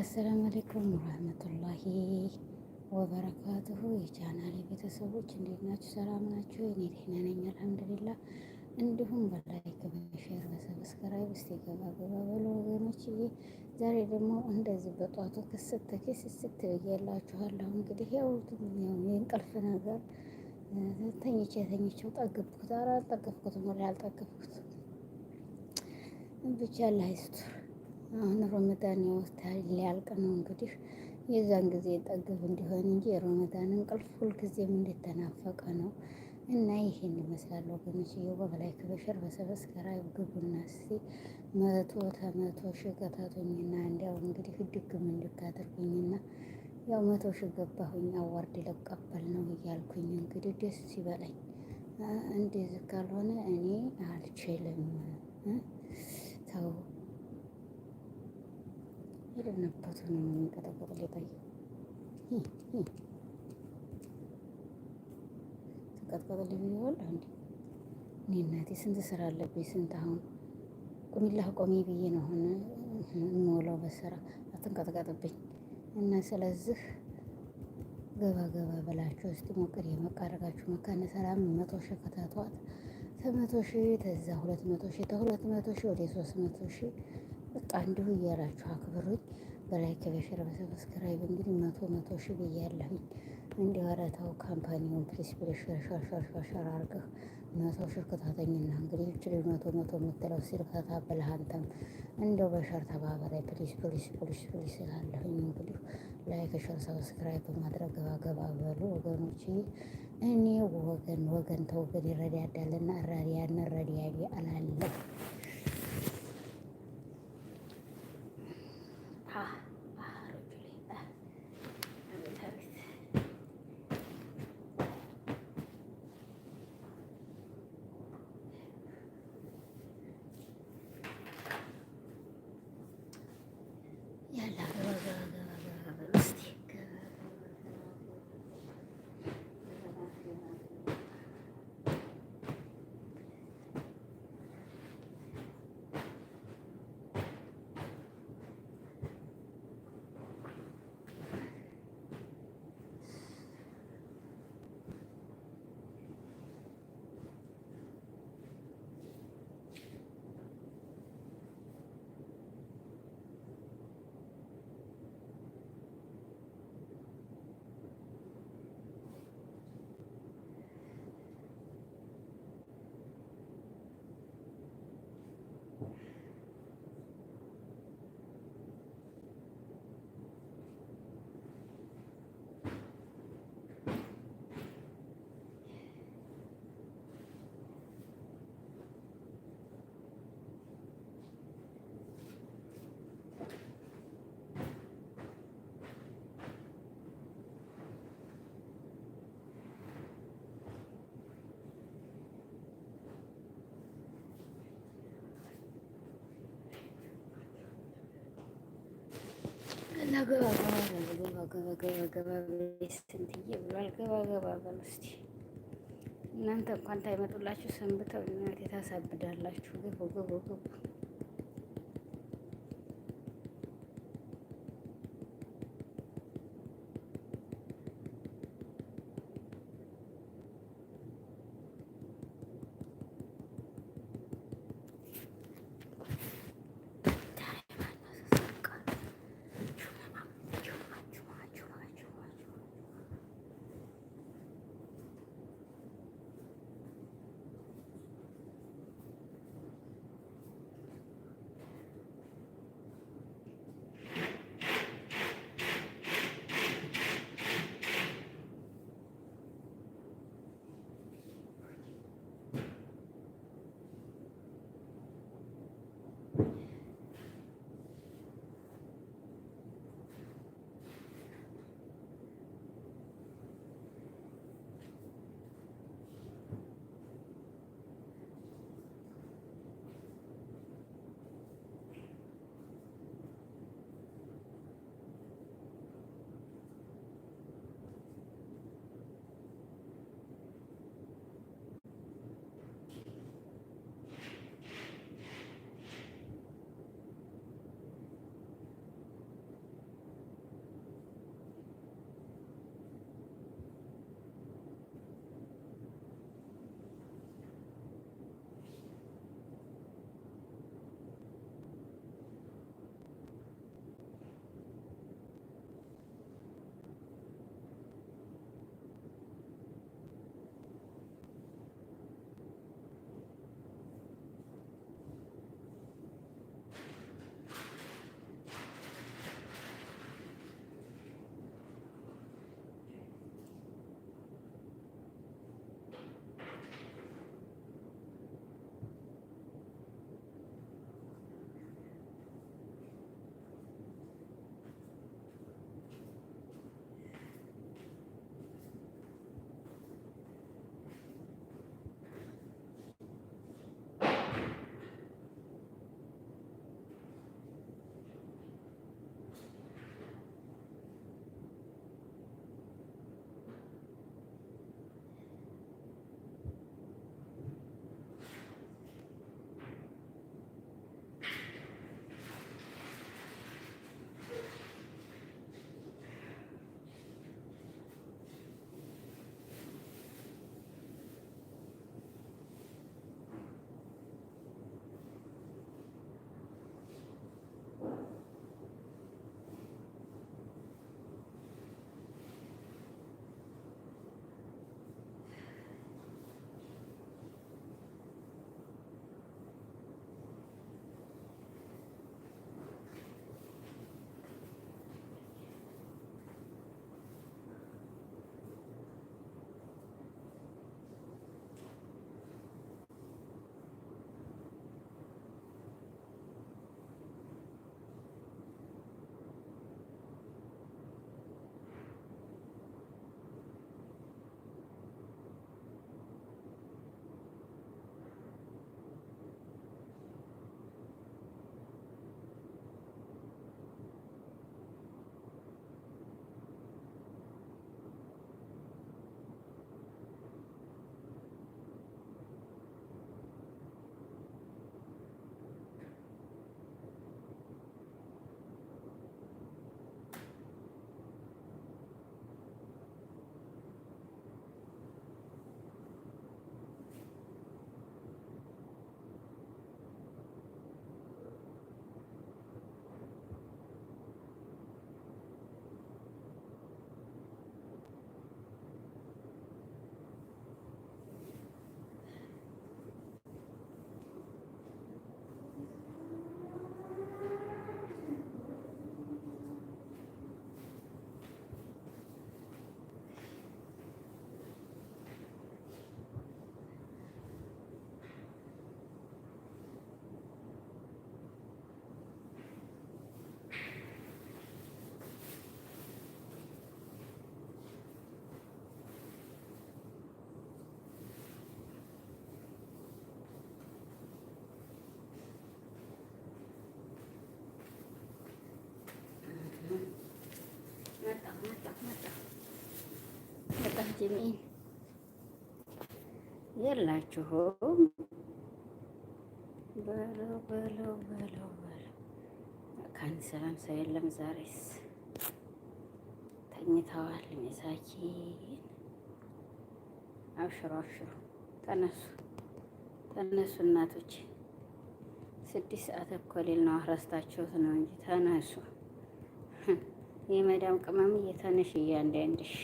አሰላሙ አሌይኩም ወረህመቱላሂ ወበረካቱሁ። የቻናሌ ቤተሰቦች እንዴት ናችሁ? ሰላም ናችሁ? እኔ ደህና ነኝ አልሐምዱሊላህ። እንዲሁም በላይክ በሼር በሰብስክራይብ እስቲ ገባ ገባ በሉ ወገኖችዬ። ዛሬ ደግሞ እንደዚህ በጧቱ ክስት ክስት ብያላችኋለሁ። እንግዲህ ያው የእንቅልፍ ነገር ተኝቼ ተኝቼው ጠገብኩት፣ ኧረ አልጠገብኩትም፣ ወላሂ አልጠገብኩትም። ብቻ አላህ ይስጥር አሁን ረመዳን ያወታል ሊያልቅ ነው እንግዲህ የዛን ጊዜ ጠግብ እንዲሆን እንጂ የረመዳን እንቅልፍ ሁልጊዜም እንደተናፈቀ ነው እና ይሄን ይመስላል ወገኖች። እየወበ ላይ ከበሸር በሰበስከራይ ግቡና እስኪ መቶ ተመቶ ሺህ ገታቶኝና እንዲያው እንግዲህ ድግም እንድታደርጉኝና ያው መቶ ሺህ ገባሁኝ አዋርድ ለቀበል ነው እያልኩኝ እንግዲህ ደስ ይበለኝ። እንደዚህ ካልሆነ እኔ አልችልም ተው የደነበት ነው የሚቀጠቀጥ ሊጠይ ተቀጥቀጥ ልብይወል አንዴ እኔ እናቴ ስንት ስራ አለብኝ። ስንት አሁን ቁሚላህ ቆሚ ብዬ ነው አሁን የምውለው በስራ አትንቀጥቀጥብኝ። እና ስለዚህ ገባ ገባ ብላችሁ እስቲ ሞቅር የመቃረጋችሁ መካነ ሰላም መቶ ሺህ ከታቷት ከመቶ ሺህ ተዛ ሁለት መቶ ሺህ ተሁለት መቶ ሺህ ወደ ሶስት መቶ ሺህ በቃ እንዲሁ እያላችሁ አክብሩኝ። በላይክ በሽር በሰብስክራይብ እንግዲህ መቶ መቶ ሺ ብያለሁኝ። እንዲ አረታው ካምፓኒውን ፕሊስ ብለሽሻሻሻሻር አርገህ መቶ ሺ ክታተኝና እንግዲህ ችል መቶ መቶ የምትለው ሲልከታ ብልሃንተም እንደው በሸር ተባበረ ፕሊስ ፕሊስ ፕሊስ ፕሊስ ስላለሁኝ እንግዲህ ላይክ ሸር ሰብስክራይብ በማድረግ ገባገባ በሉ ወገኖች። እኔ ወገን ወገን ተወገን ይረዳዳልና ረዲያ ረዲያቢ አላለ ገባ ገባ ገባ ገባ ገባ ገባ ስንትዬ ብሏል። ገባ ገባ በሉ እስኪ እናንተ እንኳን ታይመጡላችሁ ሰንብተው እናቴ ታሳብዳላችሁ። ግቡ ግቡ ግቡ። አልጅሚን የላችሁም። በለው በለው በለው በለው ሰላም ሰው የለም። ዛሬስ ተኝተዋል። ሚሳኪን አብሽሮ አብሽሮ ተነሱ ተነሱ እናቶች ስድስት ሰዓት እኮ ሌል ነው። ነው እንጂ ተነሱ። የመዳም ቅመም እየተነሽ እያንዳንድሽ